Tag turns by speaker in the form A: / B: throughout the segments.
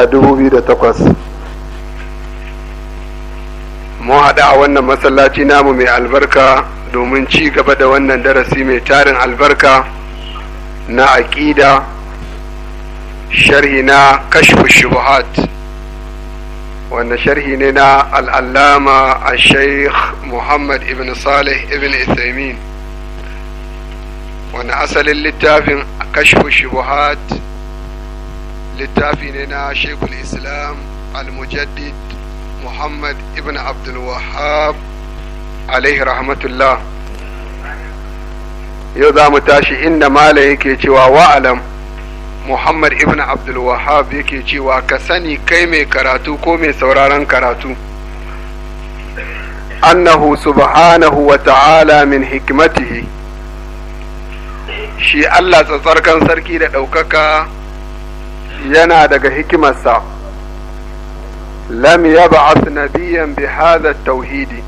A: shekara 2008 mu haɗu a wannan masallaci namu mai albarka domin ci gaba da wannan darasi mai tarin albarka na aƙida sharhi na kashfu shubuhat sharhi ne na al'allama a sheikh muhammad ibn salih ibn isaimin wanda asalin littafin kashfu shubuhat littafi ne na shekul islam al-mujaddid muhammad ibn abdulwahab alaihi rahmatullah yau za mu tashi inda malam yake cewa wa'alam muhammad ibn abdulwahab yake cewa ka sani kai mai karatu ko mai sauraron karatu annahu subhanahu wa ta'ala min hikmatihi shi allah tsatsarkan sarki da ɗaukaka yana daga hikimarsa lam yab'ath nabiyan bi hadha tauhidi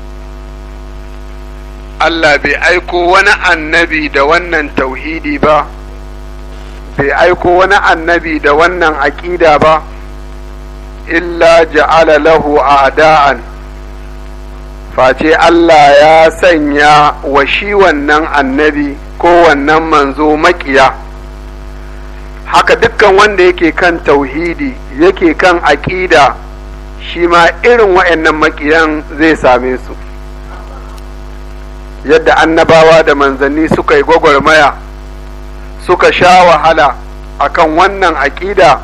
A: Allah bai aiko wani annabi da wannan tauhidi ba bai aiko wani annabi da wannan aƙida ba illa ja'ala lahu a'da'an face Allah ya sanya wa shi wannan annabi ko wannan manzo maƙiya haka dukkan wanda yake kan tauhidi yake kan aƙida shi ma irin wa'annan maƙiyan zai same su yadda annabawa da manzanni suka yi gwagwarmaya suka sha wahala akan wannan aƙida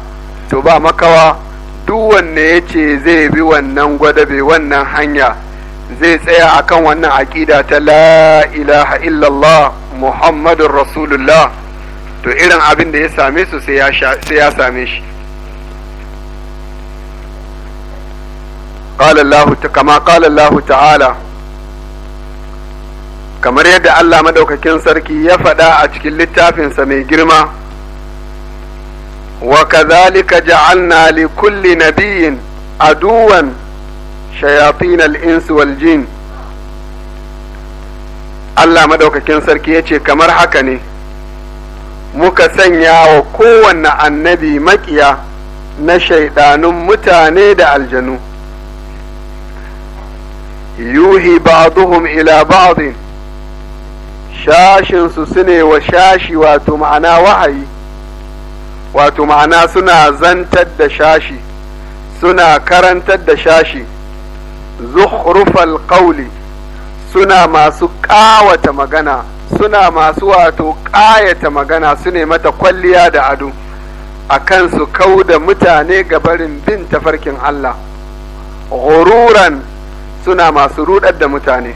A: to ba makawa duk wanne ya ce zai bi wannan gwadabe wannan hanya zai tsaya akan wannan aƙida ta la ilaha illallah muhammadun rasulullah to irin abin da ya same su sai ya same shi kama ƙalallahu ta'ala kamar yadda Allah Madaukakin sarki ya faɗa a cikin littafinsa mai girma wa kazalika ja'alna li kulli nabiyin aduwan shayatin al-insu wal jin Allah Madaukakin sarki ya ce kamar haka ne muka sanya wa kowanne annabi maƙiya na shaidanun mutane da aljanu yuhi ba'duhum ila ba'din shashinsu su ne wa shashi wato ma'ana wahayi wato ma'ana suna zantar da shashi suna karantar da shashi zukhrufal qawli suna masu ƙawata magana suna masu wato ƙayata magana su ne mata kwalliya da ado a kan kau da mutane ga barin bin tafarkin Allah ghururan suna masu rudar da mutane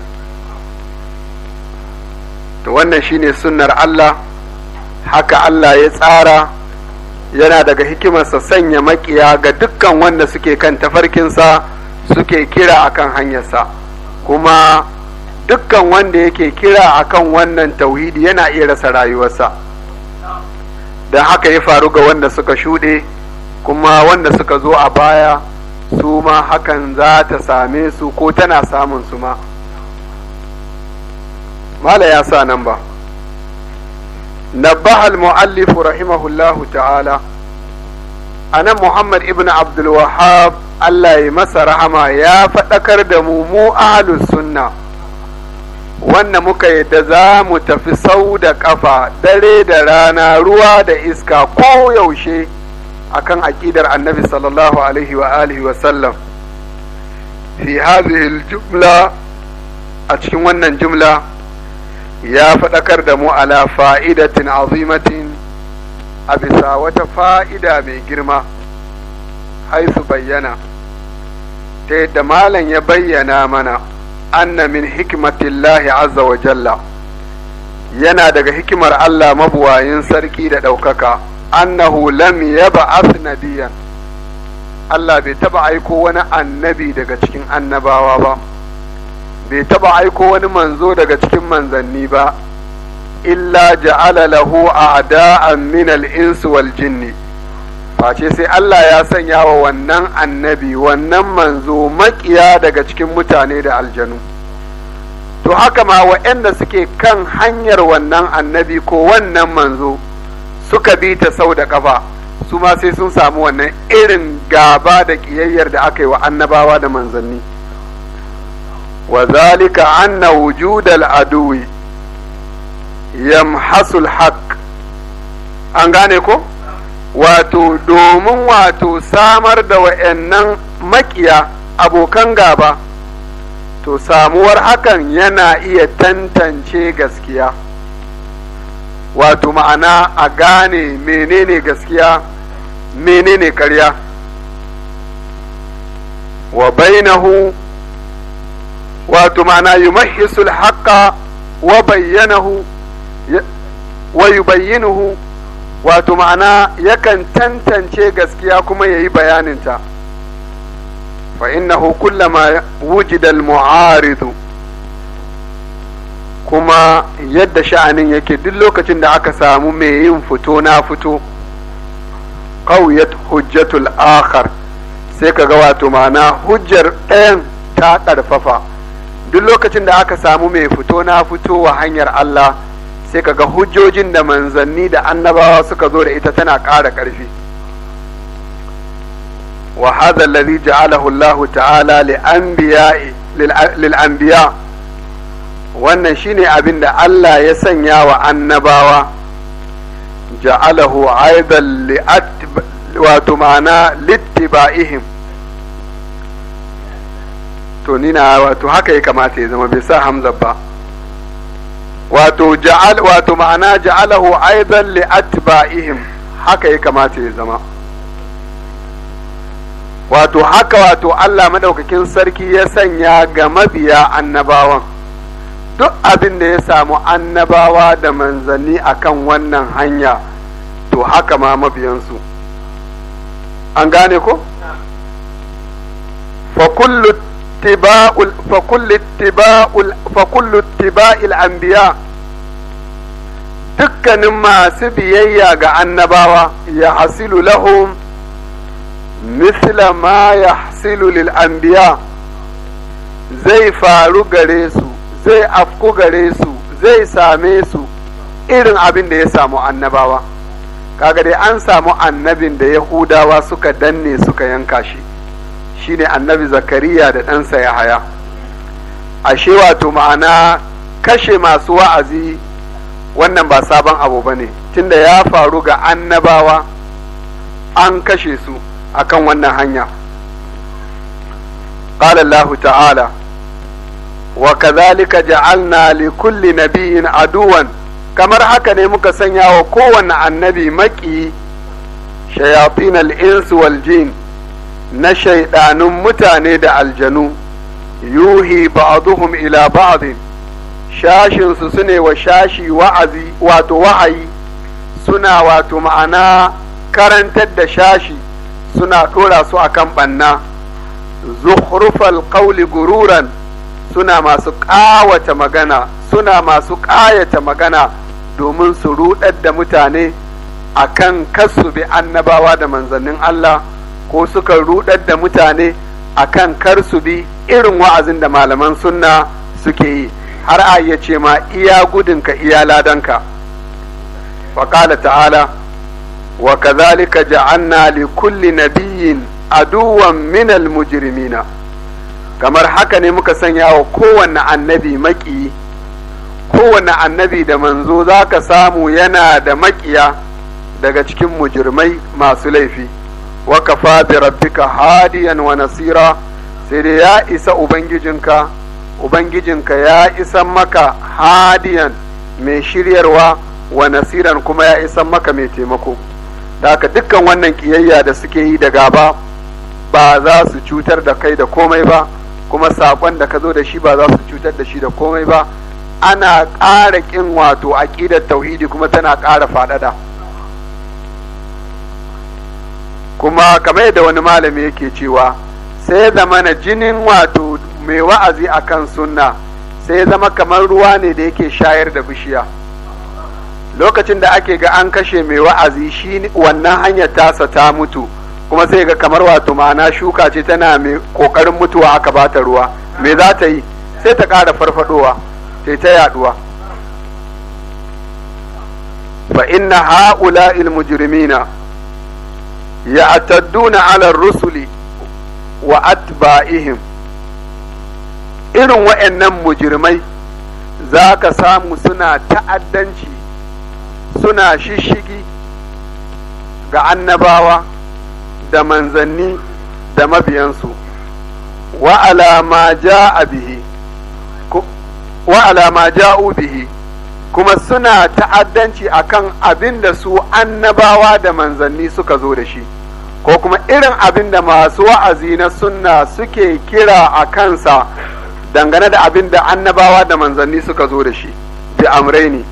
A: to wannan shine sunnar Allah haka Allah ya tsara yana daga hikimarsa sanya makiya ga dukkan wanda suke kan tafarkinsa suke kira akan hanyarsa kuma dukkan wanda yake kira akan wannan tauhidi yana iya rasa rayuwarsa don haka ya faru ga wanda suka shuɗe kuma wanda suka zo a baya su ma hakan za ta same su ko tana samun su ma mala ya sa nan ba نبه المؤلف رحمه الله تعالى أنا محمد ابن عبد الوهاب الله يمسى رحمه يا فتكر دمو مو أهل السنة wanda muka yarda za mu tafi sau da ƙafa dare da rana ruwa da iska ko yaushe akan aƙidar annabi sallallahu alaihi wa alihi sallam fi hadhihi jumla a cikin wannan jumla ya faɗakar da mu ala fa'idatin azimatin a bisa wata fa'ida mai girma haisu bayyana ta yadda malam ya bayyana mana anna min hikmatillahi azza wa jalla yana daga hikimar Allah mabuwayin sarki da ɗaukaka annahu lam yab'ath nabiyan Allah bai taba aiko wani annabi daga cikin annabawa ba bai taba aiko wani manzo daga cikin manzanni ba illa ja'ala lahu a'da'an min al-insi wal jinni face sai Allah ya sanya wa wannan annabi wannan manzo makiya daga cikin mutane da aljanu to haka ma wa'anda suke kan hanyar wannan annabi ko wannan manzo suka bi ta sau da ƙafa su ma sai sun samu wannan irin gaba da ƙiyayyar da aka yi wa annabawa da manzanni wazalika zalika anna wujudal aduwi yamhasul haqq an gane ko wato domin wato samar da wa'annan makiya abokan gaba to samuwar hakan yana iya tantance gaskiya wato ma'ana a gane menene gaskiya menene karya wa bainahu wato ma'ana yumahisul haqqa wa bayyanahu wa yubayyinuhu wato ma'ana yakan tantance gaskiya kuma ya yi ta fa innahu kullama wujida al-mu'aridu kuma yadda sha'anin yake duk lokacin da aka samu mai yin fito na fito qawiyat hujjatul akhar sai ka ga wato ma'ana hujjar ɗayan ta ƙarfafa duk lokacin da aka samu mai fito na fito wa hanyar Allah sai ga hujjojin da manzanni da annabawa suka zo da ita tana ƙara ƙarfi wa hadha alladhi ja'alahu Allah ta'ala li anbiya'i lil anbiya wannan shine abin da Allah ya sanya wa annabawa ja'alahu aidan li wato ma'ana littiba'ihim to nina wato haka ya kamata ya zama bai sa hamza ba wato ja'al wato ma'ana ja'alahu aidan li atba'ihim haka ya kamata ya zama wato haka wato Allah madaukakin sarki ya sanya ga mabiya annabawan duk abin da ya samu annabawa da manzanni akan wannan hanya to haka ma mabiyansu an gane ko fa kullu اتباع فكل اتباع فكل اتباع dukkanin masu biyayya ga annabawa ya hasilu lahum misla ya hasilu lil anbiya zai faru gare su zai afku gare su zai same su irin abin da ya samu annabawa kaga dai an samu annabin da yahudawa suka danne suka yanka shi shine annabi zakariya da ɗansa ya haya ashe wato ma'ana kashe masu wa'azi wannan ba sabon abu ba ne tunda ya faru ga annabawa an kashe su akan wannan hanya قال الله تعالى وكذلك جعلنا لكل نبي عدوا kamar haka ne muka sanya wa kowane annabi maki Shayafinal al na shaidanun mutane da aljanu yuhi ba'duhum ila ba'din shashin su sune wa shashi wa'azi wato wa'ayi suna wato ma'ana karantar da shashi suna ɗora su akan ɓanna. zuhrufal qawli gururan suna masu ƙawata magana suna masu ƙayata magana domin su ruɗar da mutane akan kasu bi annabawa da manzannin Allah ko suka rudar da mutane kan kar su bi irin wa'azin da malaman sunna suke yi har a iya ce ma iya gudunka iya ladanka faƙala ta'ala wa kazalika ja'anna li kulli nabiyyin aduwan minal mujrimina kamar haka ne muka sanya wa kowane annabi maki kowane annabi da manzo za ka samu yana da maƙiya daga cikin mujirmai masu laifi wa kafa bi rabbika hadiyan wa nasira sai dai ya isa ubangijinka ubangijinka ya isa maka hadiyan mai shiryarwa wa nasiran kuma ya isa maka mai taimako da haka dukkan wannan kiyayya da suke yi da gaba ba za su cutar da kai da komai ba kuma saƙon da ka zo da shi ba za su cutar da shi da komai ba ana ƙara ƙin wato aƙidar tauhidi kuma tana ƙara faɗaɗa. kuma kamar yadda wani malami yake cewa sai zama na jinin wato mai wa'azi a kan sunna sai ya zama kamar ruwa ne da yake shayar da bishiya lokacin da ake ga an kashe mai wa'azi shi wannan hanyar tasa ta mutu kuma sai ga kamar wato ma'ana shuka ce tana mai kokarin mutuwa aka bata ruwa me za ta yi sai ta ƙara farfadowa sai ta yaduwa fa inna ha'ula il mujrimina ya'tadduna ala rusuli wa atba'ihim irin wa'annan mujirmai za ka samu suna ta'addanci suna shishigi ga annabawa da manzanni da mabiyansu wa'ala ma ja'u bihi kuma suna ta'addanci akan abin da su annabawa da manzanni suka zo da shi ko kuma irin abin da masu wa'azi na sunna suke kira a kansa dangane da abin da annabawa da manzanni suka zo da shi bi ne.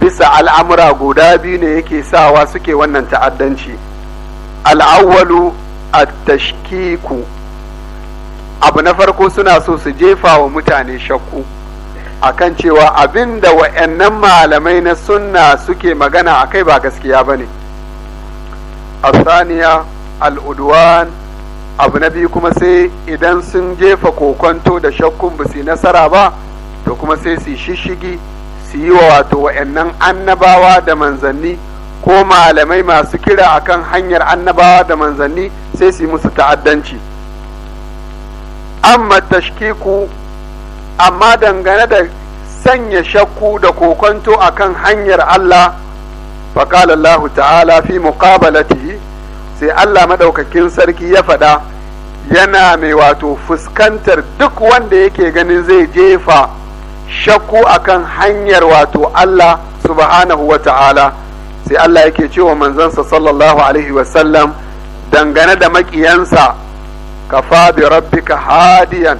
A: bisa al'amura guda biyu ne yake sawa suke wannan ta'addanci al'awwalu a tashkiku abu na farko suna so su jefa wa mutane shakku akan cewa abin da wa'annan malamai na sunna suke magana a kai ba gaskiya ba ne asaniya al'udwan abu na biyu kuma sai idan sun jefa kokonto da shakkun ba nasara ba to kuma sai su shishigi su yi wa wato wa'annan annabawa da manzanni ko malamai masu kira akan hanyar annabawa da manzanni sai su yi musu ta'addanci amma tashkiku amma dangane da sanya shakku da kokonto akan hanyar Allah faƙala Allah ta'ala fi muqabalatihi sai Allah maɗaukakin sarki ya faɗa yana mai wato fuskantar duk wanda yake ganin zai jefa shakku akan hanyar wato Allah subhanahu wa ta'ala sai Allah yake wa manzansa sallallahu alaihi wasallam dangane da maƙiyansa ka kafa bi rabbika hadiyan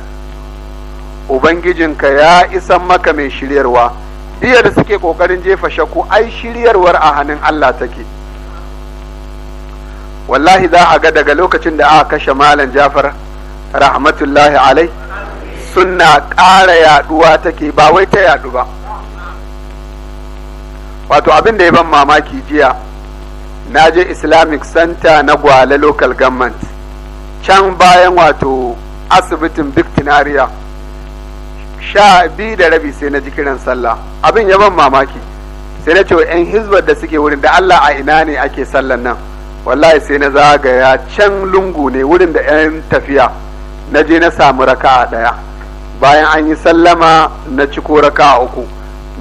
A: ubangijinka ya isa maka mai shiryarwa biyar da suke ƙoƙarin jefa shakku ai shiryarwar a hannun Allah take wallahi za a ga daga lokacin da aka kashe malam jafar rahmatullahi alai suna ƙara yaɗuwa take ba wai ta yaɗu ba wato abin da ya ban mamaki jiya na je islamic center na gwale local government can bayan wato asibitin victinaria sha biyu da rabi sai na ji kiran sallah abin ya ban mamaki sai na ce wa 'yan hizbar da suke wurin da Allah a ina ne ake sallan nan wallahi sai na zagaya can lungu ne wurin da 'yan tafiya na je na samu raka ɗaya bayan an yi sallama na ciko raka uku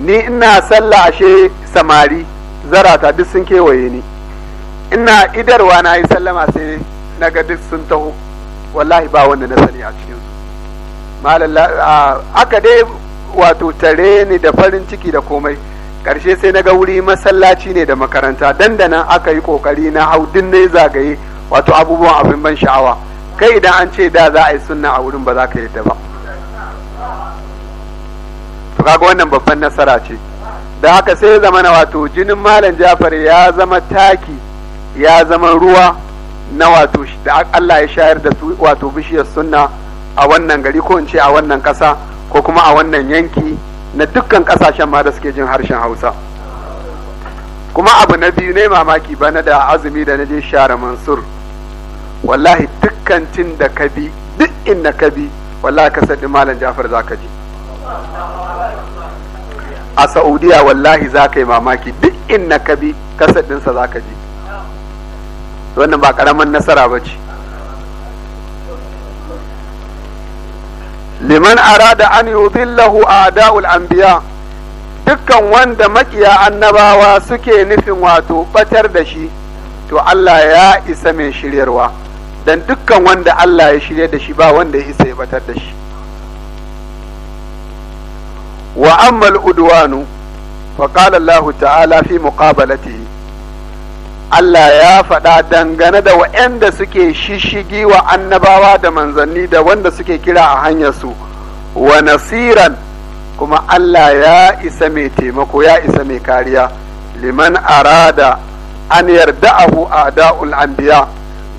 A: ni ina sallah ashe samari zarata duk sun kewaye ni ina idarwa na yi sallama sai na ga duk sun taho wallahi ba wanda na sani a ciki aka dai wato tare ni da farin ciki da komai karshe sai na ga wuri masallaci ne da makaranta dandanan aka yi kokari na hau na zagaye wato abubuwan abin ban sha'awa kai idan an ce da za a yi sunna a wurin ba za ka yadda ba to kaga wannan babban nasara ce da haka sai ya zama na wato jinin malam jafar ya zama taki ya zama ruwa na wato da Allah ya shayar da wato bishiyar sunna a wannan gari ko in ce a wannan ƙasa ko kuma a wannan yanki na dukkan ƙasashen ma da suke jin harshen hausa kuma abu na biyu ne mamaki bana da azumi da na je share mansur wallahi dukkan tin da ka bi duk inda ka bi wallahi ka sadi malam jafar za ka ji a saudiya wallahi za ka yi mamaki duk inda ka bi kasadinsa za ka ji wannan ba karamin nasara ba ce liman arada an yudhillahu a'da'ul anbiya dukkan wanda makiya annabawa suke nufin wato batar da shi to Allah ya isa mai shiryarwa dan dukkan wanda Allah ya shirya da shi ba wanda ya isa ya batar da shi wa ammal udwanu fa qala Allah ta'ala fi muqabalatihi Allah ya faɗa dangane da waɗanda suke shishigi wa annabawa da manzanni da wanda suke kira a hanyarsu wa nasiran kuma Allah ya isa mai taimako ya isa mai kariya liman arada an yarda a a a'da'ul anbiya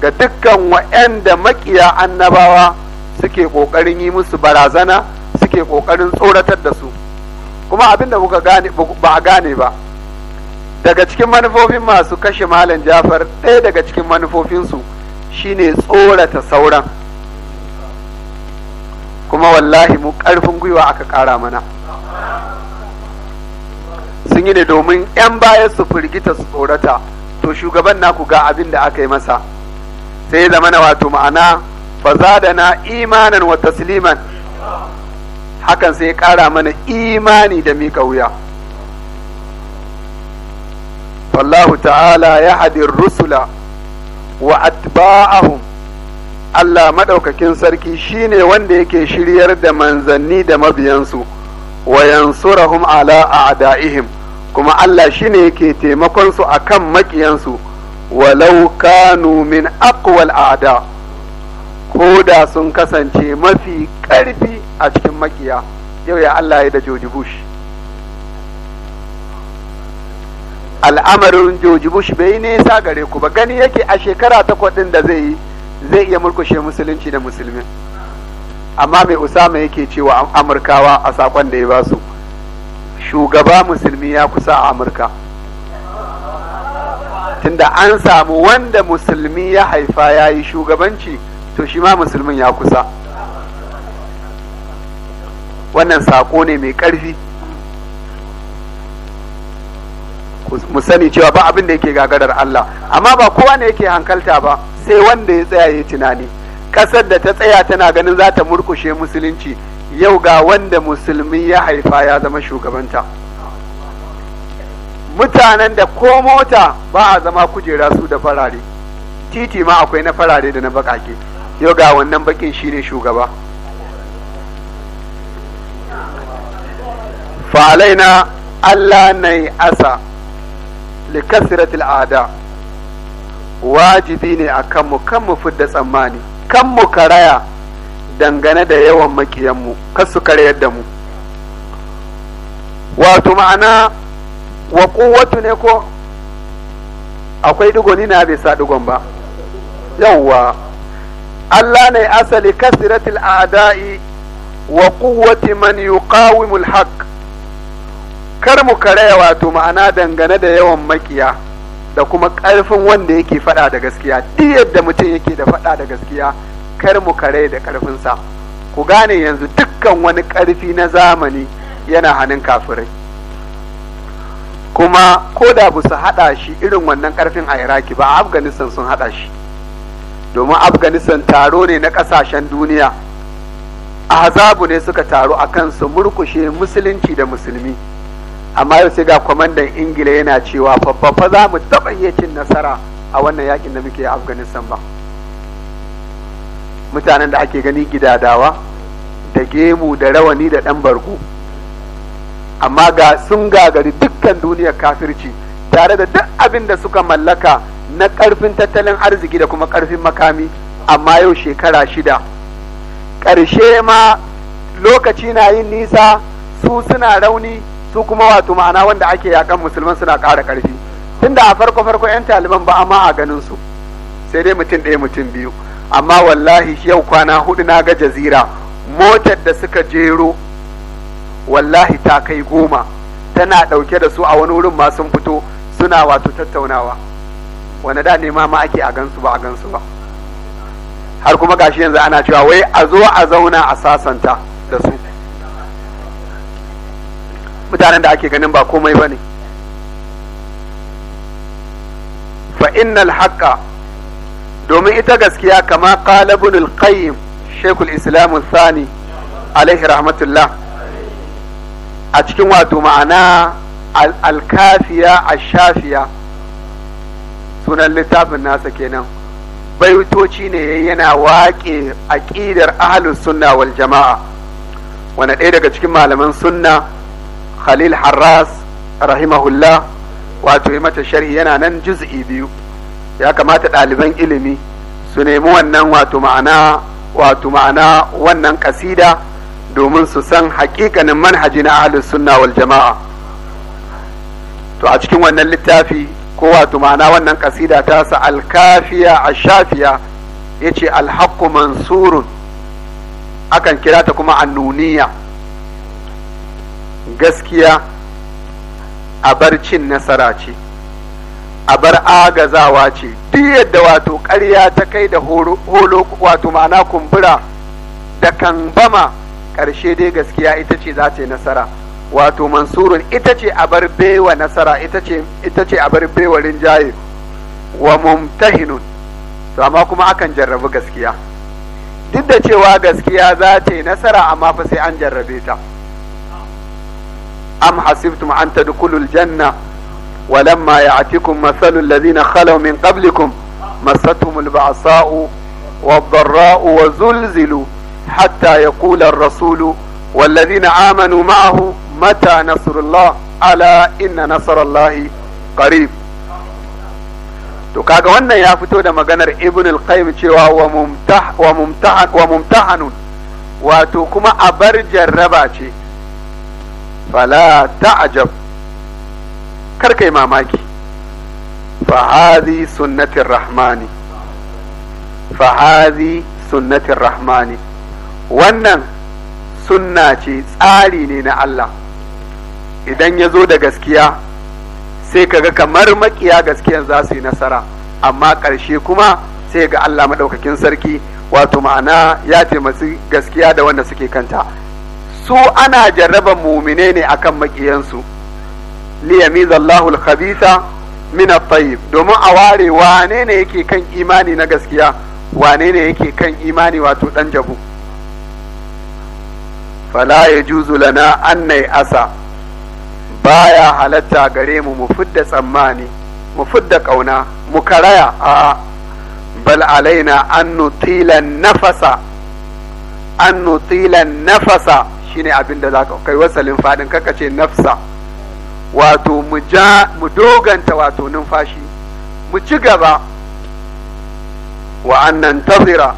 A: ga dukkan waɗanda maƙiya annabawa suke ƙoƙarin yi musu barazana suke ƙoƙarin tsoratar da su kuma abin da ba a gane ba daga cikin manufofin masu kashe malam jafar ɗaya daga cikin manufofinsu shine tsorata sauran kuma wallahi mu ƙarfin gwiwa aka ƙara mana sun yi ne domin 'yan baya su firgita su tsorata to shugaban naku ga abin da aka yi masa sai ya zama na wato ma'ana ba za da na imanin wa tasliman hakan sai ya ƙara mana imani da miƙa wuya فالله تعالى يهدي الرسل وأتباعهم Allah maɗaukakin sarki shi ne wanda yake shiryar da manzanni da mabiyansu wa yansurahum ala a'da'ihim kuma Allah shi ne yake taimakonsu a kan maƙiyansu walau kanu min a'da ko da sun kasance mafi ƙarfi a cikin maƙiya yau ya Allah ya da joji Bush al'amarin Joji Bush bai yi nesa gare ku ba gani yake a shekara takwas ɗin da zai yi zai iya murkushe musulunci da musulmi amma mai usama yake cewa amurkawa a sakon da ya ba su shugaba musulmi ya kusa a amurka tunda an samu wanda musulmi ya haifa ya yi shugabanci to shi ma musulmin ya kusa wannan sako ne mai ƙarfi mu sani cewa ba abin da yake gagarar Allah amma ba kowa ne yake hankalta ba sai wanda ya tsaya ya tunani kasar da ta tsaya tana ganin za ta murkushe musulunci yau ga wanda musulmi ya haifa ya zama shugabanta mutanen da ko mota ba a zama kujera su da farare titi ma akwai na farare da na bakake yau ga wannan bakin shi ne shugaba falaina Allah na asa likasiratil al'ada wajibi ne a kanmu kan mu fidda tsammani kan mu karaya dangane da yawan makiyanmu kar su karyar da mu wato ma'ana wa kuwatu ne ko akwai digoni na bai sa digon ba yawwa Allah ne asali kasiratil a'da'i wa quwwati man yuqawimul haqq kar mu karaya wato ma'ana dangane da yawan makiya da kuma ƙarfin wanda yake faɗa da gaskiya duk yadda mutum yake da faɗa da gaskiya kar mu karaya da ƙarfinsa ku gane yanzu dukkan wani ƙarfi na zamani yana hannun kafirai kuma ko da ba su haɗa shi irin wannan ƙarfin a iraki ba a afghanistan sun haɗa shi domin afghanistan taro ne na ƙasashen duniya A azabu ne suka taro a kansu murkushe musulunci da musulmi amma yau sai ga kwamandan ingila yana cewa babba fa za mu taɓa iya cin nasara a wannan yakin da muke a afghanistan ba mutanen da ake gani gidadawa da gemu da rawani da ɗan bargo amma ga sun gagari dukkan duniyar kafirci tare da duk abin da suka mallaka na ƙarfin tattalin arziki da kuma ƙarfin makami amma yau shekara shida ƙarshe ma lokaci na yin nisa su suna rauni su kuma wato ma'ana wanda ake yakan musulman suna ƙara ƙarfi tunda a farko farko 'yan taliban ba ma a ganin su sai dai mutum ɗaya mutum biyu amma wallahi yau kwana hudu na ga jazira motar da suka jero wallahi ta kai goma tana ɗauke da su a wani wurin ma sun fito suna wato tattaunawa wani da ne ma ake a gansu ba a gansu ba har kuma gashi yanzu ana cewa wai a zo a zauna a sasanta da su mutanen da ake ganin ba komai ba ne fa innal domin ita gaskiya kama ƙalabin al-qayyim shekul Sani alaihi rahmatullah a cikin wato ma'ana alkafiya a shafiya sunan littafin nasa kenan baitoci ne yana waƙe aƙidar ahalin sunna wal jama'a wane ɗaya daga cikin malaman sunna khalil Haras Rahimahulla, wato mata sharhi yana nan juz'i biyu ya kamata ɗaliban ilimi su nemi wannan wato ma'ana wannan kasida domin su san haƙiƙanin manhaji na ahlus sunna wal jama'a to a cikin wannan littafi ko wato ma'ana wannan kasida ta sa alkafiya ashafiya yace alhaqqu mansurun akan kira ta kuma annuniya gaskiya a bar cin nasara ce a bar agazawa ce duk yadda wato ƙarya ta kai da holo wato ma'ana kumbura da kambama ƙarshe dai gaskiya ita ce za ta yi nasara wato mansurun ita ce a bar bewa nasara ita ce a bar bewa rinjaye wa mumtahinun to amma kuma akan jarrabu gaskiya duk da cewa gaskiya za ta yi nasara amma fa sai an jarrabe ta. am hasibtum an tadkhulul janna ولما يعتكم مثل الذين خلوا من قبلكم مستهم البعصاء والضراء وزلزلوا حتى يقول الرسول والذين آمنوا معه متى نصر الله ألا إن نصر الله قريب to kaga wannan ya fito da maganar ibn al-qayyim cewa wa mumtah wa mumtah wa mumtahanun wato kuma abar jarraba ce fala ta'jab kar kai mamaki fa hadhi sunnatir rahmani fa hadhi sunnatir rahmani wannan sunna ce tsari ne na Allah idan ya zo da gaskiya sai kaga kamar makiya gaskiyan za su yi nasara amma ƙarshe kuma sai ga Allah maɗaukakin sarki wato ma'ana ya masu gaskiya da wanda suke kanta su ana jarraba mumine ne akan makiyansu liyamiza Allahul khabisa min tayyib domin a ware wane ne yake kan imani na gaskiya wane ne yake kan imani wato ɗan jabu fala yajuzu lana an asa baya halatta gare mu mu fidda tsammani mu fidda ƙauna, mu karaya a bal alaina an nutila nafasa an nutila nafasa Shi ne abin da za ka kai wasalin faɗin kaka ce nafsa wato mu doganta wato numfashi mu ci gaba wa annan tazira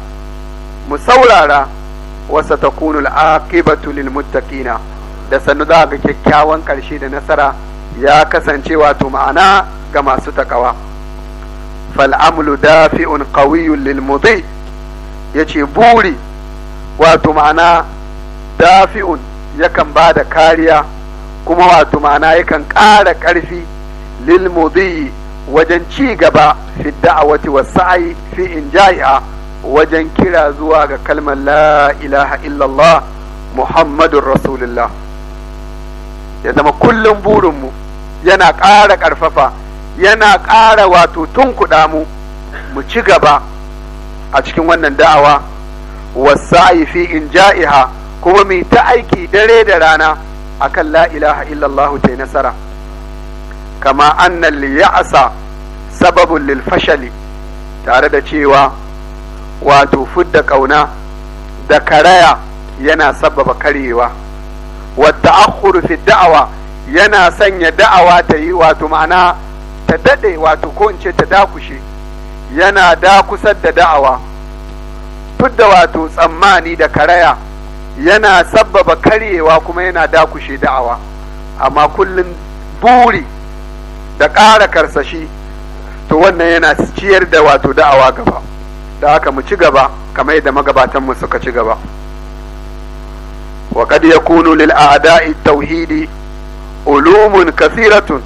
A: mu saurara wasa ta kunul lil da sannu za ga kyakkyawan ƙarshe da nasara ya kasance wato ma'ana ga masu takawa fal'amlu dafi'un qawiyyun lil ya ce buri wato ma'ana dafi'un yakan ba da kariya kuma wato ma'ana yakan ƙara ƙarfi lil mudi wajen ci gaba fi da'awati wa sa'i fi inja'iha wajen kira zuwa ga kalmar la ilaha illallah muhammadun rasulullah ya zama kullum burinmu yana ƙara ƙarfafa yana ƙara wato tunkuɗa mu mu ci gaba a cikin wannan da'awa wasa'i fi inja'iha kuma mai ta aiki dare da rana akan la ilaha illallahu ta nasara kama annan liya'asa sababin lilfashali tare da cewa wato fudda kauna da karaya yana sababa karyewa wadda akhuru fi da'awa yana sanya da'awa ta yi wato ma'ana ta dade wato ko in ce ta dakushe yana dakusar da da'awa fudda wato tsammani da karaya yana sabbaba karyewa kuma yana dakushe da'awa amma kullum buri da ƙara karsashi to wannan yana ciyar da wato da'awa gaba da haka mu ci gaba kamar yadda magabatanmu suka ci gaba وقد yakunu lil a'da'i علوم ulumun كما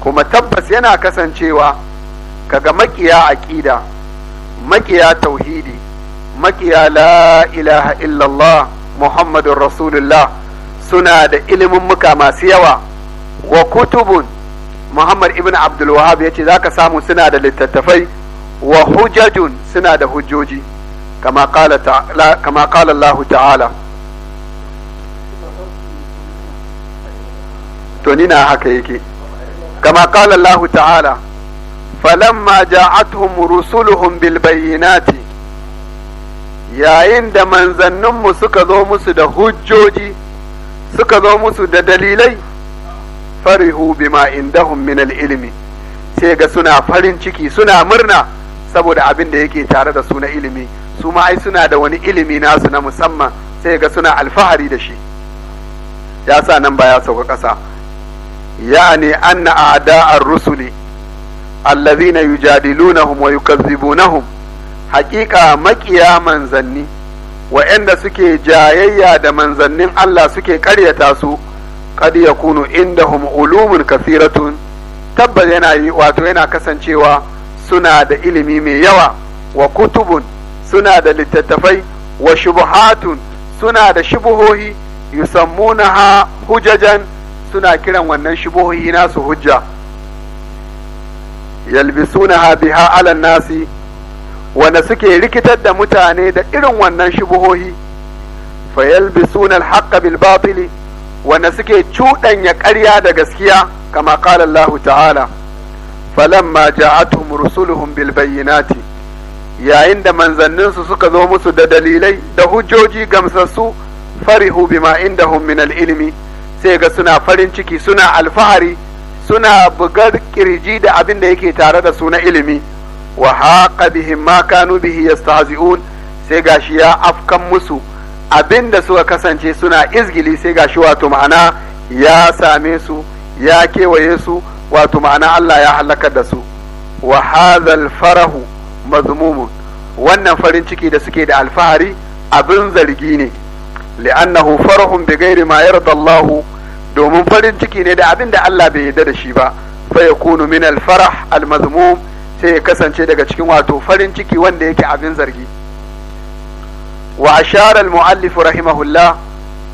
A: kuma tabbas yana kasancewa kaga maƙiya aƙida, maƙiya tauhidi. makiya la ilaha illallah muhammadun rasulullah suna da ilimin muka masu yawa wa kutubun muhammad ibn abdul wahab ya ce za ka samu suna da littattafai wa hujjajun suna da hujjoji kama kala allah ta'ala to haka yake kama kala allah ta'ala falamma ja'atuhum rusuluhum bil bayyinati yayin da manzanninmu suka zo musu da hujjoji suka zo musu da dalilai farihu bima indahum min ilimi sai ga suna farin ciki suna murna saboda abin da yake tare da su na ilimi su ma ai suna da wani ilimi nasu na musamman sai ga suna alfahari da shi ya sa nan ba ya sauka ƙasa yani anna a'da'ar rusuli allazina yujadilunahum wa yukazzibunahum haƙiƙa maƙiya manzanni wa'yanda suke jayayya da manzannin Allah suke ƙaryata su qad yakunu indahum ulumun kasiratun tabbas yana yi wato yana kasancewa suna da ilimi mai yawa wa kutubun suna da littattafai wa shubuhatun suna da shubuhohi yusammunaha hujajan suna kiran wannan shubuhohi nasu hujja yalbisunaha biha ala nasi wanda suke rikitar da mutane da irin wannan shubuhohi fa yalbisuna alhaqqa bil batili wanda suke cuɗanya ƙarya da gaskiya kama qala Allah ta'ala falamma ja'atuhum rusuluhum bil bayyinati yayin da manzanninsu suka zo musu da dalilai da hujjoji gamsassu farihu bima indahum min al-ilmi sai ga suna farin ciki suna alfahari suna bugar kirji da abin da yake tare da su na ilimi wa haqa bihim ma kanu bihi yastahzi'un sai gashi ya afkan musu abinda suka kasance suna izgili sai gashi wato ma'ana ya same su ya kewaye su wato ma'ana Allah ya halakar da su wa hadhal farahu mazmumun wannan farin ciki da suke da alfahari abin zargi ne li'annahu farahun bi ma yarda domin farin ciki ne da abin da Allah bai yarda da shi ba fa yakunu min al farah al mazmum sai ya kasance daga cikin wato farin ciki wanda yake abin zargi wa asharar muallif rahimahullah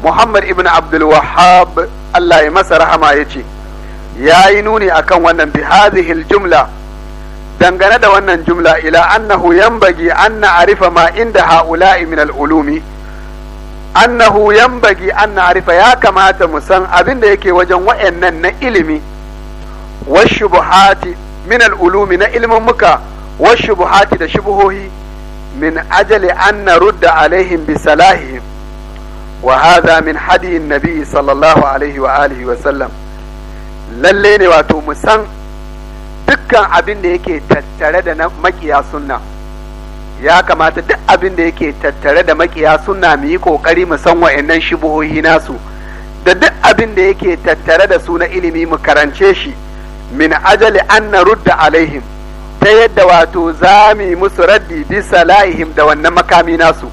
A: Muhammad ibn Abdul wahab Allah ya masa rahama ya ya yayi nuni kan wannan bi jumla dangane da wannan jumla ila annahu yambagi an arifa ma inda ha'ula'i min al'ulumi ulumi annahu yanbaghi an arifa ya kamata mu san abin da yake wajen wa'annan na ilimi wa shubuhati Minal ulumi na ilmin muka wa shubuhati da shubuhohi min ajali annarudda na rudda alaihim wa hadha min hadiyin nabi sallallahu alaihi wa wa sallam lalle ne wato mu san dukkan abin da yake tattare da makiya sunna ya kamata duk abin da yake tattare da makiya sunna mu yi kokari mu san wa'annan shubuhohi nasu da duk abin da yake tattare da su na ilimi mu karance shi min ajali an na rudda alaihim ta yadda wato za mu musu raddi bisa la'ihim da wannan makami nasu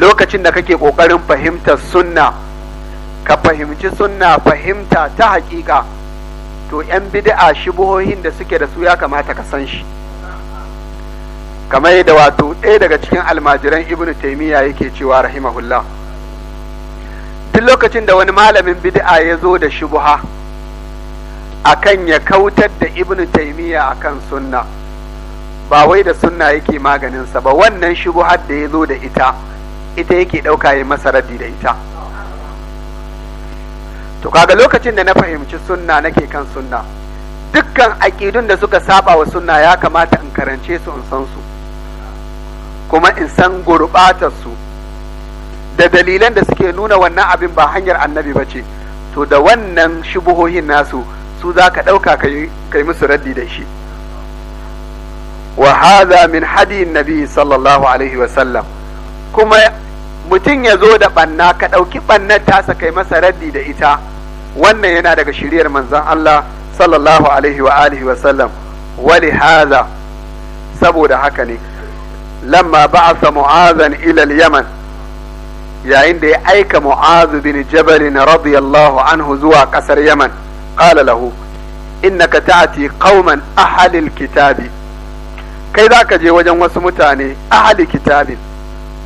A: lokacin da kake ƙoƙarin fahimtar sunna ka fahimci sunna fahimta ta haƙiƙa to 'yan bid'a shubuhohin da suke da su ya kamata ka san shi kamar da wato ɗaya daga cikin almajiran ibnu taimiyya yake cewa rahimahullah duk lokacin da wani malamin bid'a ya zo da shubuha akan ya kautar da ibn taimiyya akan sunna ba wai da sunna yake maganinsa ba wannan shubuhar da ya zo da ita ita yake ɗauka ya masa raddi da ita to kaga lokacin da na fahimci sunna nake kan sunna dukkan aƙidun da suka saba wa sunna ya kamata in karance su in san su kuma in san gurɓatar su da dalilan da suke nuna wannan abin ba hanyar annabi ba ce to da wannan shubuhohin nasu su za ka ɗauka ka yi musu raddi da shi wa haza min hadi nabi sallallahu alaihi wasallam kuma mutum ya zo da ɓanna ka ɗauki ɓannar tasa kai masa raddi da ita wannan yana daga shiriyar manzon Allah sallallahu alaihi wa alihi sallam wali haza saboda haka ne lamma ba'asa mu'azan ila ilal yaman yayin da ya aika mu'azu bin jabal radiyallahu anhu zuwa ƙasar yaman qala lahu innaka ta'ati qauman ahlil kitabi kai zaka je wajen wasu mutane ahli kitabin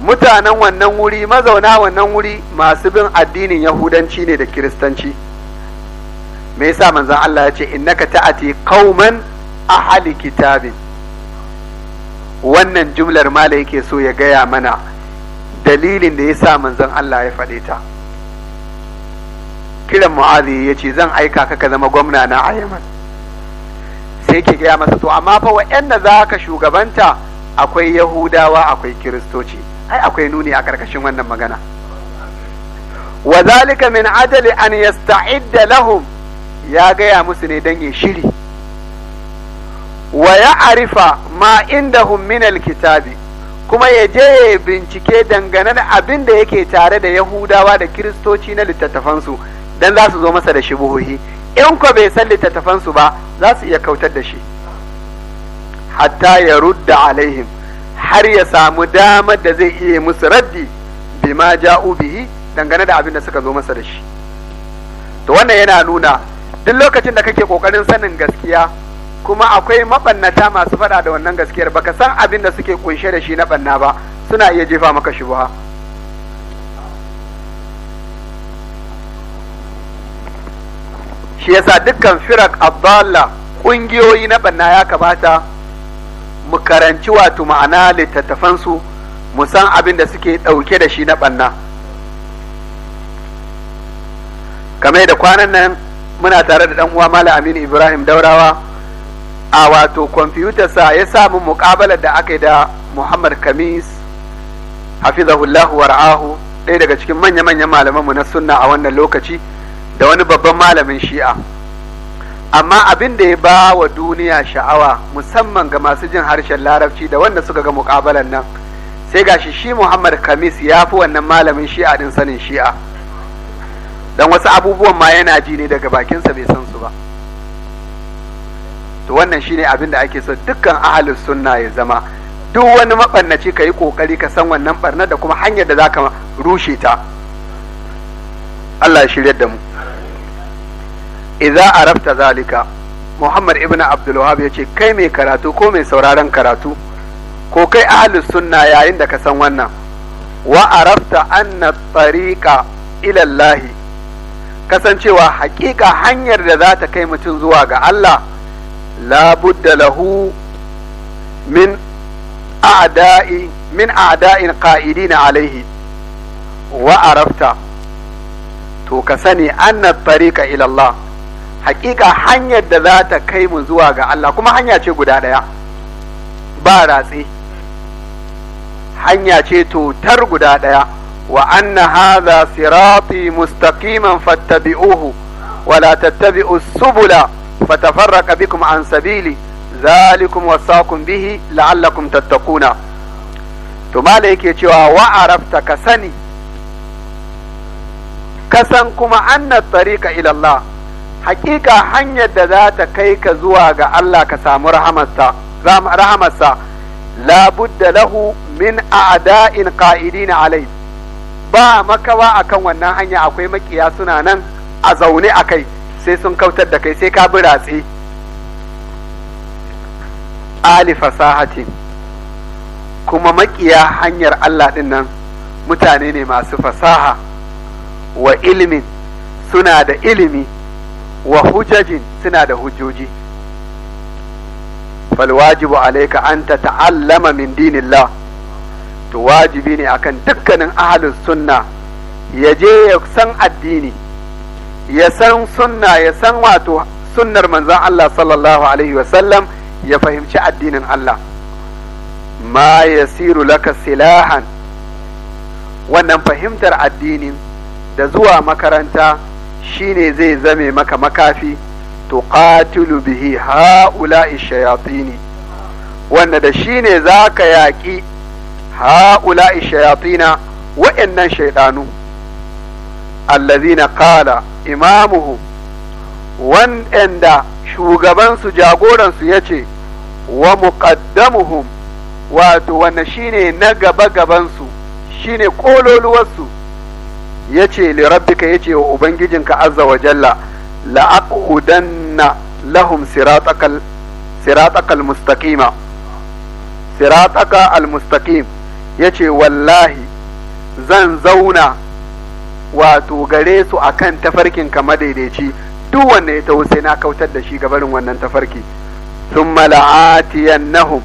A: mutanen wannan wuri mazauna wannan wuri masu bin addinin yahudanci ne da kiristanci me yasa manzon Allah ya ce innaka ta'ati qauman ahli kitabi? wannan jumlar mala yake so ya gaya mana dalilin da yasa manzon Allah ya faɗe ta kiran mu'azi ya ce zan aika ka ka zama gwamna na a yaman sai ke gaya masa to amma fa waɗanda za ka shugabanta akwai yahudawa akwai kiristoci ai akwai nuni a karkashin wannan magana wa zalika min adali an yasta'idda lahum ya gaya musu ne dan ya shiri wa ya arifa ma indahum min alkitabi kuma ya je ya bincike dangane da abin da yake tare da yahudawa da kiristoci na littattafansu dan za su zo masa da shubuhohi in ko bai san littattafan ba za su iya kautar da shi hatta ya rudda alaihim har ya samu damar da zai iya musu raddi bima ja'u bihi dangane da abin da suka zo masa da shi to wannan yana nuna duk lokacin da kake kokarin sanin gaskiya kuma akwai mabannata masu faɗa da wannan gaskiyar baka san abin da suke kunshe da shi na banna ba suna iya jefa maka shubha shi yasa dukkan firak abdalla kungiyoyi na banna ya kamata mu karanci wato ma'ana littattafansu mu san abin da suke ɗauke da shi na banna. kamar da kwanan nan muna tare da ɗan uwa mala aminu ibrahim daurawa a wato kwamfutarsa ya samu muƙabalar da aka yi da muhammad kamis hafizahullahu war'ahu ɗaya daga cikin manya-manyan malamanmu na sunna a wannan lokaci da wani babban malamin shi'a amma abin da ya ba wa duniya sha'awa musamman ga masu jin harshen larabci da wanda suka ga mukabalan nan sai ga shi shi muhammad kamis ya fi wannan malamin shi'a din sanin shi'a don wasu abubuwan ma yana ji ne daga bakinsa bai san su ba to wannan shine abin da ake so dukkan ahalin sunna ya zama duk wani maɓannaci ka yi ƙoƙari ka san wannan ɓarnar da kuma hanyar da za ka rushe ta Allah ya shirya da mu idza arafta zalika muhammad ibn Abdulwahab ya ce, kai mai karatu ko mai sauraron karatu ko kai ahlus sunna yayin da ka san wannan wa arafta anna tariqa ila allah kasancewa hakika hanyar da za ta kai mutum zuwa ga Allah la budda lahu min a'da'i min a'da'in qa'idina alaihi wa arafta to ka sani anna tariqa ila Allah hakika hanyar da za ta kai mu zuwa ga Allah kuma hanya ce guda ɗaya ba ratse hanya ce totar guda ɗaya wa anna hadha sirati mustaqiman fattabi'uhu wa la tattabi'u subula fatafarraqa bikum an sabili zalikum wasaqum bihi la'allakum tattaquna to mala yake cewa wa arafta ka sani kasan kuma anna tariqa ila Allah hakika hanyar da za ta kai ka zuwa ga Allah ka samu rahamarsa labudda lahu min a'da'in qa'idina alai ba makawa akan wannan hanya akwai makiya suna nan a zaune a kai sai sun kautar da kai sai ka bi ratsi ali fasahatin kuma makiya hanyar Allah din nan mutane ne masu fasaha wa ilimin suna da ilimi wa hujajin suna da hujjoji fal wajibi alayka an ta'allama min dinillah to wajibi ne akan dukkanin ahalin sunna ya je ya san addini ya san sunna ya san wato sunnar manzon Allah sallallahu alaihi wasallam ya fahimci addinin Allah ma siru laka silahan wannan fahimtar addinin da zuwa makaranta shine zai zame maka makafi tuqatilu bihi ha'ula'i shayatini wanda da shine zaka yaƙi ha'ula'i shayatina wa'annan shaydanu allazina qala imamuhu wanda shugabansu jagoransu yace wa muqaddamuhum wato wanda shine na gaba gabansu shine ƙololuwarsu yace li ya ce wa ubangijinka azza wa jalla la aqudanna lahum siratakal siratakal mustaqima sirataka al yace wallahi zan zauna wato gare su akan tafarkin ka madaidaici duk wanda ya taho sai na kautar da shi barin wannan tafarki sun mala'atiyannahum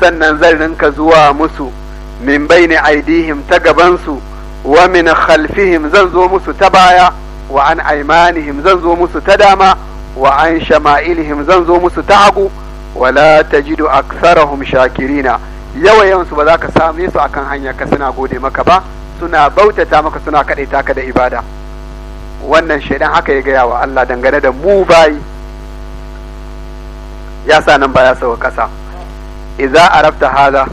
A: sannan zan rinka zuwa musu min bayni aidihim ta gabansu wa min khalfihim zan zo musu ta baya wa an aimanihim zan zo musu ta dama wa an shama'ilihim zan zo musu ta hagu wala tajidu aksarahum shakirina yawayen su ba za ka same su akan hanya ka suna gode maka ba suna bautata maka suna kaɗaita ka da ibada wannan shaidan haka ya gaya wa Allah dangane da mu bayi ya sa nan baya sauka ƙasa idza arafta hada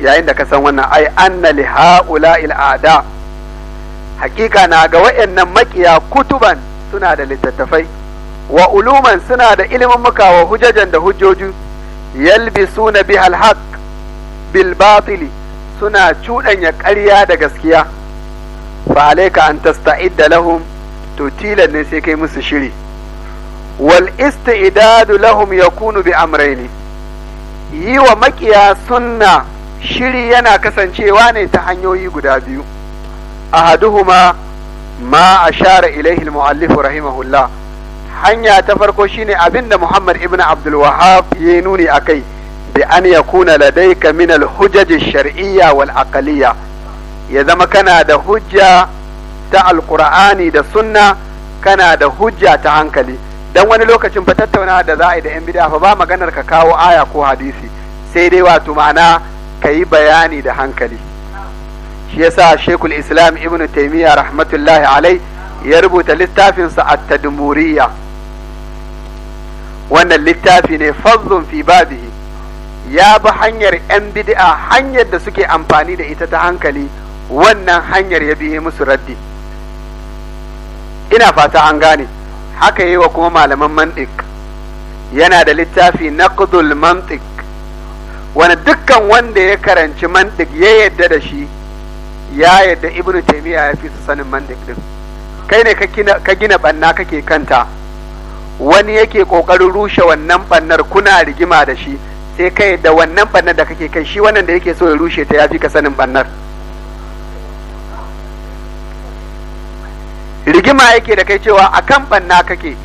A: yayin da ka san wannan ai anna li haula il ada hakika na ga wayannan makiya kutuban suna da littattafai wa uluman suna da ilimin muka wa hujajan da hujjoji yalbisuna biha alhaq bil batili suna cuɗanya ƙarya da gaskiya fa alayka an tasta'idda lahum to tilan ne sai kai musu shiri wal istidadu lahum yakunu bi amrayni yi wa makiya sunna shiri yana kasancewa ne ta hanyoyi guda biyu ahaduhuma ma ashara ilaihi mu'allifu rahimahullah hanya ta farko shine abinda Muhammad ibn Abdul ya ya nuni kai, bi an yakuna ladayka min al-hujaj ash-shar'iyya wal aqliyya ya zama kana da hujja ta alqur'ani da sunna kana da hujja ta hankali dan wani lokacin fa tattauna da za a yi da yan bid'a fa ba maganar ka kawo aya ko hadisi sai dai wato ma'ana ka yi bayani da hankali shi yasa shekul islam ibn taimiyya rahmatullahi alai ya rubuta littafinsa a tadmuriya wannan littafi ne fazzon fi babihi ya bi hanyar 'yan bid'a hanyar da suke amfani da ita ta hankali wannan hanyar ya biye musu raddi ina fata an gane haka yi wa kuma malaman mantik yana da littafi naqdul mantik wani dukkan wanda ya karanci mantik ya yadda da shi ya yadda ibn taimiyya ya fi su sanin mantik din kai ne ka gina banna kake kanta wani yake kokarin rushe wannan bannar kuna rigima da shi sai kai da wannan bannar da kake kai shi wannan da yake so ya rushe ta ya fi ka sanin bannar rigima yake da kai cewa akan banna kake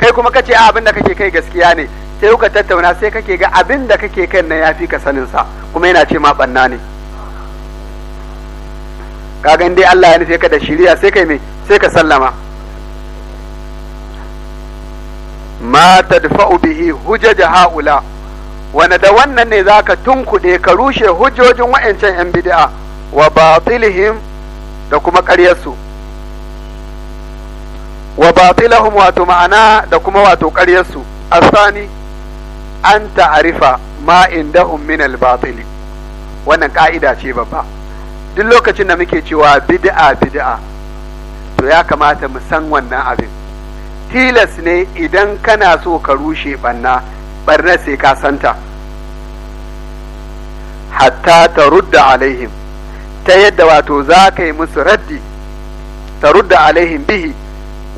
A: kai kuma kace abin da kake kai gaskiya ne sai kuka tattauna sai kake ga abin da kake kan na ya fi ka saninsa kuma yana ce ma banna ne ga dai Allah ya nufe ka da shiriya sai kai me sai ka sallama ma tadfa'u bihi hujaj haula wanda da wannan ne zaka tunkuɗe ka rushe hujjojin wa'ancan yan bid'a wa batilihim da kuma ƙaryarsu wa batilahum wato ma'ana da kuma wato ƙaryarsu asani an ta'arifa ma indahum min al batil wannan ka'ida ce babba duk lokacin da muke cewa bid'a bid'a to ya kamata mu san wannan abin tilas ne idan kana so ka rushe banna barna sai ka santa hatta ta rudda alaihim ta yadda wato za ka yi musu raddi ta rudda alaihim bihi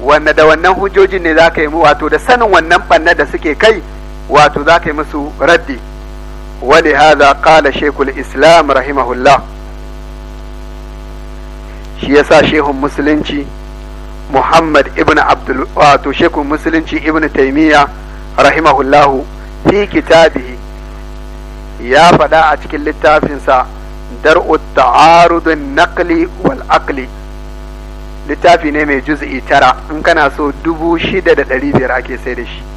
A: wanda da wannan hujjojin ne za ka yi mu wato da sanin wannan banna da suke kai wato za ka yi musu raddi wani haza kala shekul islam rahimahullah shi yasa shehun musulunci muhammad ibn abdul wato shekul musulunci ibn taimiyya rahimahullahu fi kitabihi ya faɗa a cikin littafinsa dar'u ta'arudun naqli wal aqli littafi ne mai juz'i tara in kana so dubu shida da ɗari biyar ake sai da shi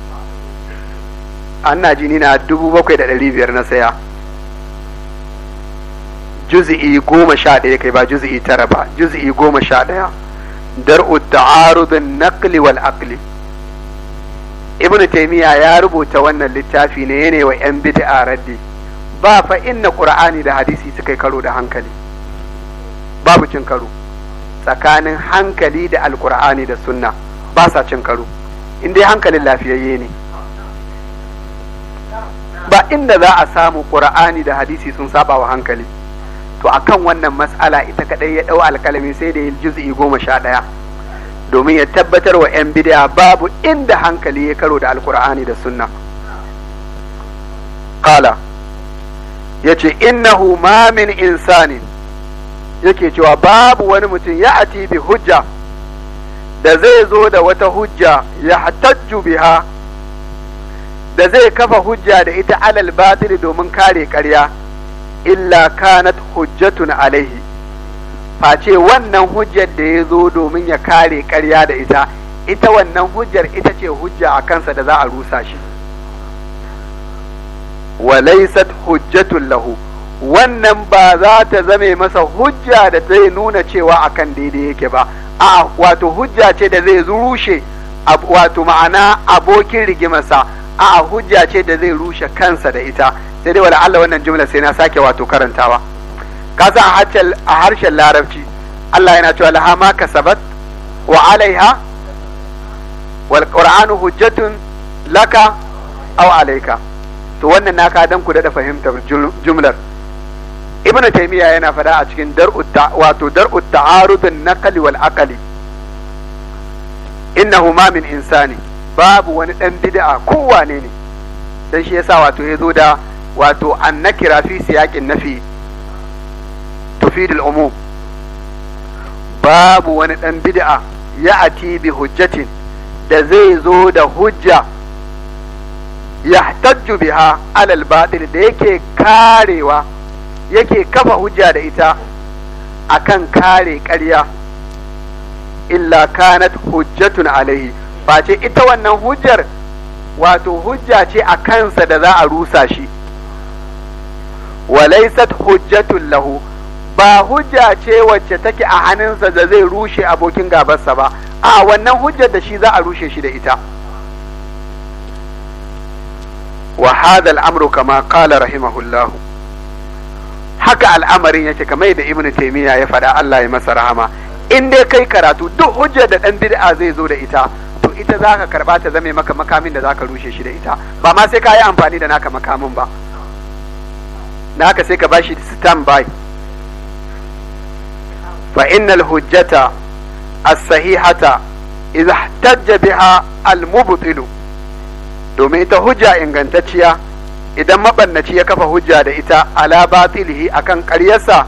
A: An na ji ni na dubu bakwai da ɗari biyar na saya juzi'i goma sha ɗaya kai ba juzi'i tara ba juzi'i goma sha ɗaya dar'u ta'arudun naqli wal aqli ibnu taymiya ya rubuta wannan littafi ne yana wa yan bid'a raddi ba fa inna qur'ani da hadisi suka karo da hankali babu cin karo tsakanin hankali da alqur'ani da sunna ba sa cin karo in dai hankalin lafiyayye ne ba inda za a samu qur'ani da hadisi sun saba wa hankali to akan wannan mas'ala ita kadai ya ɗau alkalami sai da yin juz'i goma sha ɗaya domin ya tabbatar wa 'yan bid'a babu inda hankali ya karo da alkur'ani da sunna qala yace innahu ma min insanin yake cewa babu wani mutum ya ati bi hujja da zai zo da wata hujja ya hatajju biha da zai kafa hujja da ita alal batili domin kare karya, illa kanat hujjatun alaihi face wannan hujjar da ya zo domin ya kare karya da ita ita wannan hujjar ita ce hujja a kansa da za a rusa shi walaisat hujjatun lahu wannan ba za ta zame masa hujja da zai nuna cewa akan daidai yake ba a wato hujja ce da zai rushe wato ma'ana abokin rigimarsa a'a hujja ce da zai rushe kansa da ita sai dai wala Allah wannan jumla sai na sake wato karantawa ka sa a harshen larabci Allah yana cewa laha ma kasabat wa alaiha wal qur'anu hujjatun laka aw alaika to wannan ka dan ku da fahimtar jumlar ibnu taymiya yana fada a cikin dar'u wato dar'u ta'arudun naqli wal aqli innahu ma min insani babu wani ɗan bid'a kowane ne dan shi yasa wato ya zo da wato annakira fi siyaqin nafi tufidul umum babu wani ɗan bid'a ya ati bi hujjatin da zai zo da hujja yahtajju biha alal batil da yake karewa yake kafa hujja da ita akan kare ƙarya illa kanat hujjatun alaihi face ita wannan hujjar wato hujja ce a kansa da za a rusa shi walaisat hujjatun lahu ba hujja ce wacce take a hannunsa da zai rushe abokin gabarsa ba a wannan hujjar da shi za a rushe shi da ita wa hadha al kama rahimahullahu haka al'amarin yake kamar da ibnu Taimiya ya faɗa Allah ya masa rahama in dai kai karatu duk hujjar da ɗan bid'a zai zo da ita to ita za ka karɓa ta zame maka makamin da za ka rushe shi da ita ba ma sai ka yi amfani da naka makamin ba da haka sai ka ba shi stand by fa innal hujjata as-sahihata idha ihtajja biha al-mubtil domin ita hujja ingantacciya idan mabannaci ya kafa hujja da ita ala batilihi akan ƙaryarsa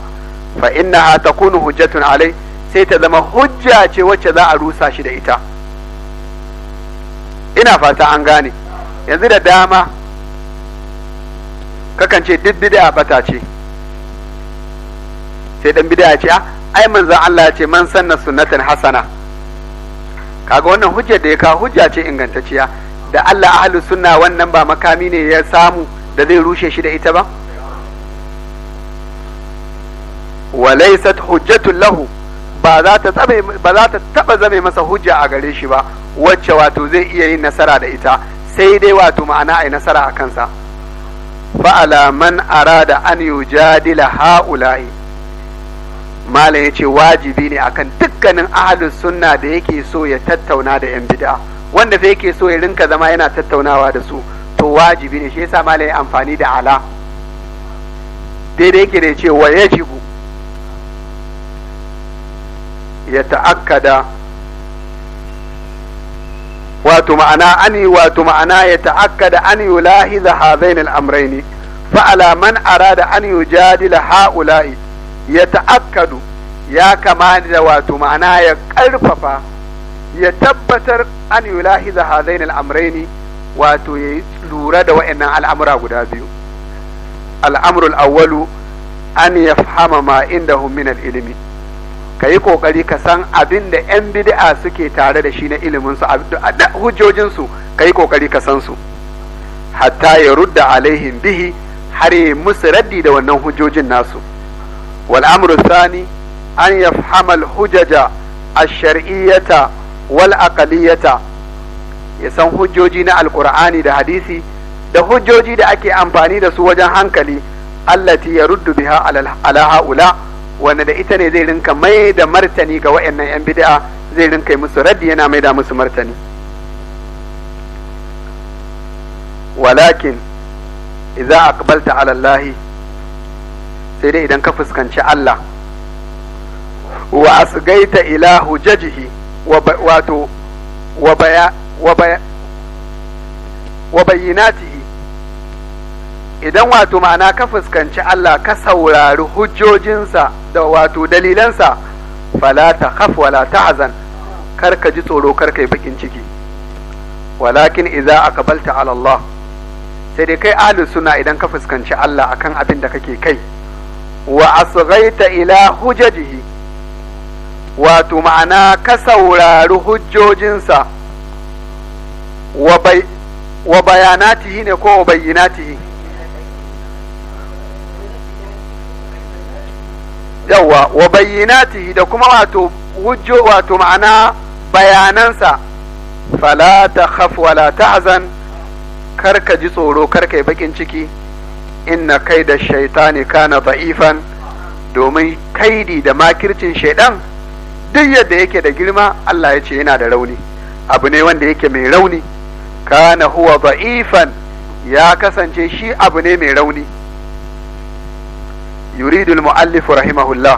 A: fa innaha takunu hujjatun alai sai ta zama hujja ce wacce za a rusa shi da ita ina fata an gane yanzu da dama kakan ce duk bid'a bata ce sai dan bid'a ce ah, ai manzon Allah ya ce man sanna sunnatan hasana kaga wannan hujja da ya kawo hujja ce ingantacciya da Allah ahlu sunna wannan ba makami ne ya samu da zai rushe shi da ita ba walaysat hujjatun lahu ba za ta taba zame masa hujja a gare shi ba wacce wato zai iya yin nasara da ita sai dai wato ma'ana a yi nasara a kansa fa'ala man arada an yujadila ha'ula'i malam ya ce wajibi ne akan dukkanin ahalin sunna da yake so ya tattauna da yan bid'a wanda fa yake so ya rinka zama yana tattaunawa da su to wajibi ne shi yasa malam ya amfani da ala daidai yake da ya ce wa yajibu ya ta'akkada wato ma'ana ani wato ma'ana ya ta'akkada an yulahiza hadain al-amrayn fa ala man arada an yujadila haula'i ya ta'akkadu ya da wato ma'ana ya ƙarfafa ya tabbatar an yulahiza hadain al wato ya lura da waɗannan al'amura guda biyu al'amrul awwalu an yafhama ma inda min al ka yi kokari ka san abin da 'yan bid'a suke tare da shi na iliminsu a hujjojinsu ka yi kokari ka san su hatta ya rudda alaihim bihi har yi musu raddi da wannan hujjojin nasu wal amru an ya hamal hujjaja a shariyyata wal ya san hujjoji na Alƙur'ani da hadisi da hujjoji da ake amfani da su wajen hankali allati yaruddu biha ala haula wanda da ita ne zai rinka mai da martani ga waɗannan 'yan bid'a zai rinka musu raddi yana mai da musu martani walakin za a ala Allah sai dai idan ka fuskanci Allah wa asgaita ila hujajihi wato wa idan wato ma'ana ka fuskanci Allah ka saurari hujjojinsa da wato dalilansa fala ta khaf wala azan, kar ka ji tsoro kar yi bakin ciki walakin idza aqbalta ala Allah sai dai kai ahlus suna idan ka fuskanci Allah akan abin da kake kai wa asghaita ila hujajihi wato ma'ana ka saurari hujjojinsa wa bayanatihi ne ko wa bayyinatihi yawa wa bayyinatihi da kuma wato hujjo wato ma'ana bayanansa fala ta khaf wala tahzan karka ji tsoro karka yi bakin ciki inna kai da shaitani kana da'ifan domin kaidi da makircin shaidan duk yadda yake da girma Allah ya ce yana da rauni abu ne wanda yake mai rauni kana huwa da'ifan ya kasance shi abu ne mai rauni yuridul mu'allif rahimahullah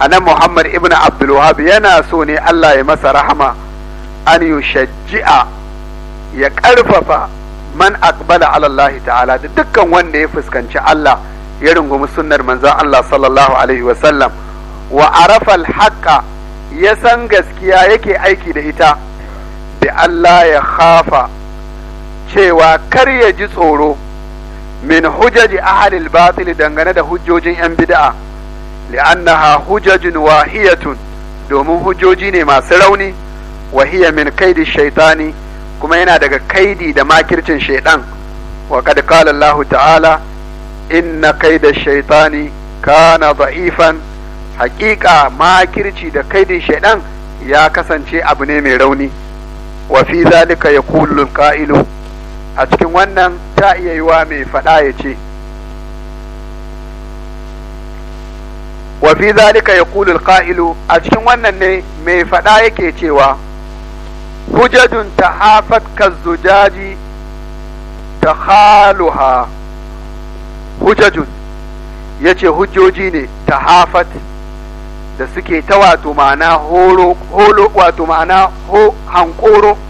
A: anan muhammad ibn Abdulwahab yana so ne Allah ya masa rahma an yushajji'a ya ƙarfafa man aqbala ala ta'ala da dukkan wanda ya fuskanci Allah ya rungumi sunnar manza Allah sallallahu alaihi wa sallam wa arafa al ya san gaskiya yake aiki da ita Da Allah ya khafa cewa kar ya ji tsoro min hujaji ahalil batil dangane da hujjojin yan bid'a li'annaha hujajun wahiyatun domin hujjoji ne masu rauni wahiya min kaidi shaitani kuma yana daga kaidi da makircin shaidan wa kad qala Allah ta'ala inna kaida shaitani kana da'ifan haƙiƙa makirci da kaidin shaidan ya kasance abu ne mai rauni wa fi zalika yaqulu al-qa'ilu a cikin wannan ta iya yiwa mai faɗa ya ce wafi zalika ya al-qa'ilu a cikin wannan ne mai faɗa yake cewa ta ta tahafat kazujaji takhaluha ya ce hujjoji ne ta tahafat da suke ta wato ma'ana horo hankoro